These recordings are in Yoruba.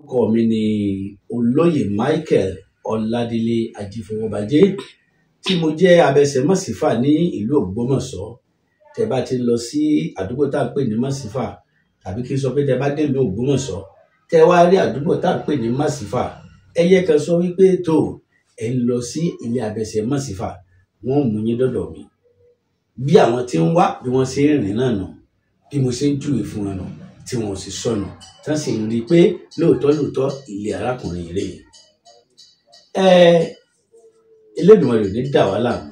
Orúkọ mi ni Olóyè Michael Ọládélé Ajífowóbajé tí mo jẹ́ abẹsẹ̀mọ́sífà ní ìlú Ògbómọ̀ṣọ́. Tẹ bá ti ń lọ sí àdúgbò tá à ń pè ní Mọ́sífà tàbí kí n sọ pé tẹ bá dé ìlú Ògbómọ̀ṣọ́, tẹ wá rí àdúgbò tá à ń pè ní Mọ́sífà. Ẹyẹ kan sọ wípé tó ẹ ń lọ sí ilé abẹsẹ̀mọ́sífà, wọ́n mú yín dọ́dọ̀ mi. Bí àwọn tí ń wá bí wọ́n ṣe ń rìn náà nù, bí mo ṣe ń júwe fún wọn nù tí wọn ò sì sọnù tán sì ń rí i pé lóòótọ́ lóòótọ́ ilé arákùnrin rèé ẹ Elédùmarè ò ní dà wá láàmú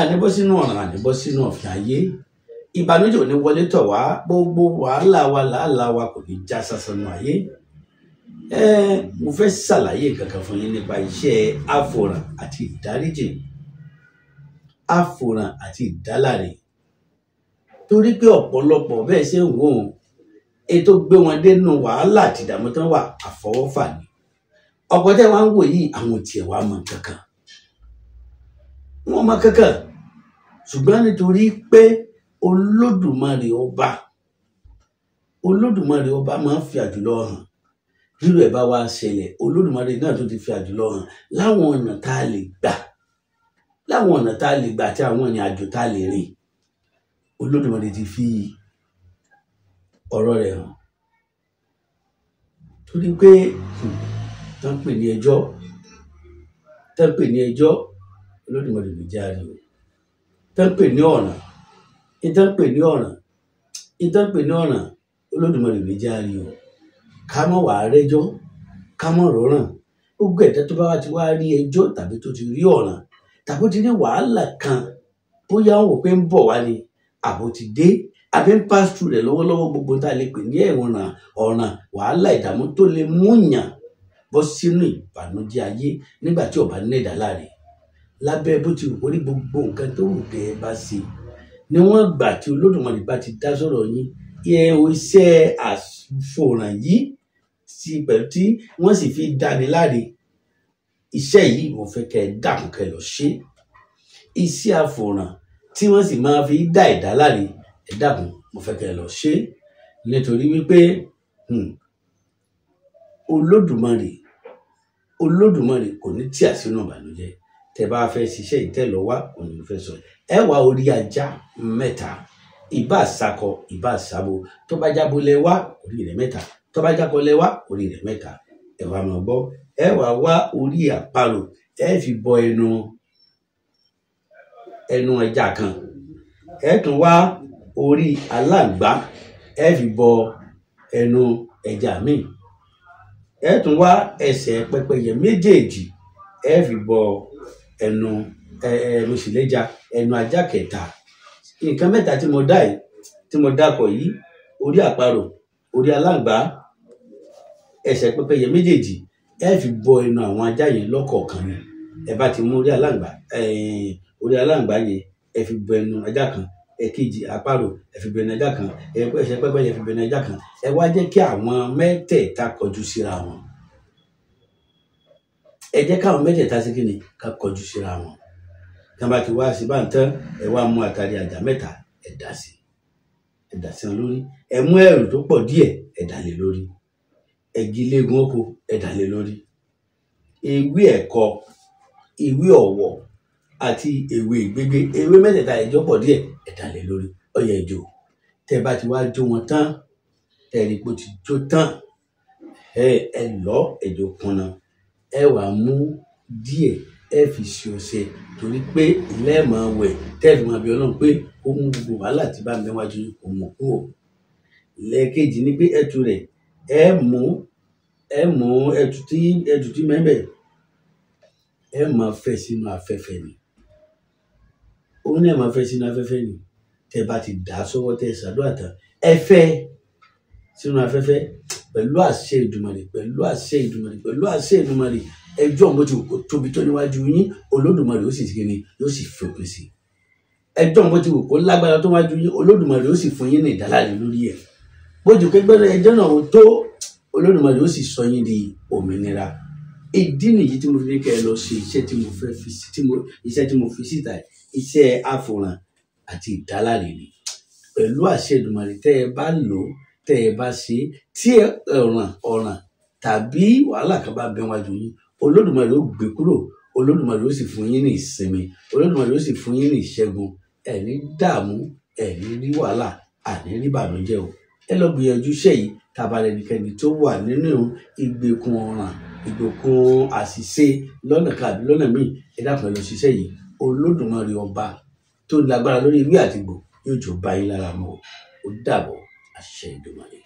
àníbọ́ sínú ọ̀ràn àníbọ́ sínú ọ̀fìn ayé ìbànújẹ́ ò ní wọlé tọ̀ wá gbogbo wàhálà wa làálàá wa kò ní já sásánú ayé ẹ mo fẹ́ ṣàlàyé kankan fún yín nípa iṣẹ́ àfòràn àti ìdáríjì àfòràn àti ìdáláre torí pé ọ̀pọ̀lọpọ̀ bẹ́ẹ̀ ṣe ń wò ó ètò gbé wọn dénú wàhálà àti ìdààmú tán wà àfọwọ́fà ni ọ̀pọ̀ tẹ́ wọ́n ń wò yìí àwọn tiẹ̀ wá mọ kankan wọ́n mọ kankan ṣùgbọ́n nítorí pé olódùmarè ọba olódùmarè ọba máa ń fi àjùlọ hàn rírò ẹ̀ bá wá ṣẹlẹ̀ olódùmarè náà tó ti fi àjùlọ hàn láwọn ọ̀nà tá a lè gbà láwọn ọ̀nà tá a lè gbà àti àwọn ìrìn àjò tá a lè rìn olódùmarè ti fi ọ̀rọ̀ rẹ̀ hàn torí pé hmm, tán pè ní ẹjọ́ tán pè ní ẹjọ́ Olódùmarè ló jẹ́ àrí tán pè ní ọ̀nà ìtàn pè ní ọ̀nà ìtàn pè ní ọ̀nà Olódùmarè ló jẹ́ àrí ká mọ̀ wá rẹ́jọ́ ká mọ̀ rọ́ràn gbogbo ẹ̀dá tó bá wá ti wá rí ẹjọ́ tàbí tó ti rí ọ̀nà tàbí ó ti ní wàhálà kan bóyá ó wò pé ń bọ̀ wá ni àbò ti dé àbí pass through rẹ̀ lọ́wọ́lọ́wọ́ gbogbo tá le lè pè ní ẹ̀wọ̀n ọ̀ràn wàhálà ìdààmú tó lè múyàn bọ́ sínú ìbànújẹ́ ayé nígbà tí ọba ní ẹ̀dá láre lábẹ́ bó ti wò ní gbogbo nǹkan tó wù kẹ́ ẹ bá ṣe ni wọ́n gbà tí olódùmarè bá ti dá sọ̀rọ̀ yín ẹ o iṣẹ́ àfòràn yìí sí pẹ̀lú tí wọ́n sì fi dáni láre iṣẹ́ yìí mo fẹ́ kẹ́ ẹ dàkún lọ ṣe iṣẹ́ àfòràn tí wọ́n sì máa fi dá ẹ̀dá láre ẹ dàbí mo fẹ́ kẹ́ ẹ lọ ṣe nítorí wípé hmm, olódùmarè olódùmarè kò ní tí àsínú ìbànújẹ́ tẹ́ bá fẹ́ ṣiṣẹ́ ìtẹlọ wá òní mo fẹ́ sọ ẹ wá orí ajá mẹ́ta ìbá àsakọ ìbá àsabo tó bá jábọ lẹ wá orí rẹ̀ mẹ́ta tó bá jábọ lẹ wá orí rẹ̀ mẹ́ta ẹ wá máa gbọ́ ẹ wá wá orí àparò ẹ fi bọ ẹnu ẹnu ẹja kan ẹ tún wá orí aláǹgbá ẹ fi bọ ẹnu ẹja míì ẹ tún wá ẹsẹ̀ pẹpẹyẹ méjèèjì ẹ fi bọ ẹnu ẹnu ṣìlẹ́jà ẹnu ajá kẹta nǹkan mẹ́ta tí mo dá yìí tí mo dákọ̀ yìí orí àparò orí aláǹgbá ẹsẹ̀ pẹpẹyẹ méjèèjì ẹ fi bọ ẹnu àwọn ajá yẹn lọ́kọ̀ọ̀kan ni ẹ bá ti mú orí aláǹgbá orí aláǹgbá yẹn ẹ fi bọ ẹnu ajá kan ẹ̀kejì àparò ẹ̀fìbẹ̀nẹ̀já kan ẹ̀ṣẹ̀ pẹ́pẹ́yẹ ẹ̀fìbẹ̀nẹ̀já kan ẹ wá jẹ́ kí àwọn mẹ́tẹ̀ẹ̀ta kọjú síra wọn ẹ jẹ́ káwọn mẹ́tẹ̀ẹ̀ta sí kí ni ká kọjú síra wọn tí wọ́n bá ti wá sí bá ń tán ẹ wá mú àtàrí àjà mẹ́ta ẹ dà sí ẹ dà sí wọn lórí ẹ mú ẹrù tó pọ̀ díẹ̀ ẹ dà lé lórí ẹ̀gílégún oko ẹ dà lé lórí ewé ẹ̀kọ ewé àti ewé gbégbé ewé mẹ́tẹ̀ẹ̀ta ẹ̀jọ́ pọ̀ díẹ̀ ẹ̀dá lé lórí ọyẹ ìjò tẹ bá ti wá jó wọn tán ẹ̀rí pé ó ti jó tán ẹ lọ ẹ̀jọ̀ kùnà ẹ wàá mú díẹ̀ ẹ fi ṣe ọṣẹ torí pé ilé ẹ̀ máa wẹ̀ tẹ́ẹ̀fì máa bí ọlọ́run pé ó mú gbogbo wàhálà tí bá ń bẹ wájú òun kúrò lẹ́ẹ̀kejì ni pé ẹ̀tù rẹ̀ ẹ mú ẹ mú ẹ̀tù tí ẹ̀tù tí mẹ́bẹ̀ ẹ máa fẹ́ sínú afẹ́fẹ́ ni òun náà máa fẹ́ sínú afẹ́fẹ́ nì tẹ́ bá ti dà á sọ́wọ́ tẹ́ ṣàdúrà tán ẹ fẹ́ sínú afẹ́fẹ́ pẹ̀lú àṣẹ ìdùmarè pẹ̀lú àṣẹ ìdùmarè pẹ̀lú àṣẹ ìdùmarè ẹjọ́ mo ti kò tóbi tó níwájú yín olódùmarè ó sì ti kiri yóò sì fòpin sí ẹjọ́ mo ti wò kó lágbára tó wájú yín olódùmarè ó sì fún yín ní ìdáláre lórí ẹ̀ bójú kẹgbẹ́rẹ́ ẹjọ́ náà tó olódùmarè ó sì sọ yín di òmìnira ìdí nìyí tí mo fi ní kẹ́ ẹ lọ ṣe iṣẹ́ tí mo fẹ́ fi tí mo iṣẹ́ tí mo fi síta iṣẹ́ àfòràn àti ìdáláre ni pẹ̀lú àṣẹ Èdùmàrè tẹ́ ẹ bá lò ó tẹ́ ẹ bá ṣe tí ọ̀ràn ọ̀ràn tàbí wàhálà kan bá bẹ wájú yín Olódùmarè ó gbé kúrò Olódùmarè ó sì fún yín ní ìsinmi Olódùmarè ó sì fún yín ní ìṣẹ́gun ẹ̀ ní dààmú ẹ̀ ní rí wàhálà àní rí bànújẹ́ o ẹ lọ gbìyànjú iṣẹ́ yìí tàbá ẹnikẹ́ni tó wà nínú ìgbèkùn ọ̀ràn ìgbòkun àṣìṣe lọ́nà kan àbí lọ́nà míì ẹ dákun ẹ lọ ṣiṣẹ́ yìí olódùmarè ọba tó lágbára lórí ìwé àtìgbò yóò jọ bá yín lára mọ́ ó dàbọ̀ àṣìṣe ìdùnmọ̀lẹ́.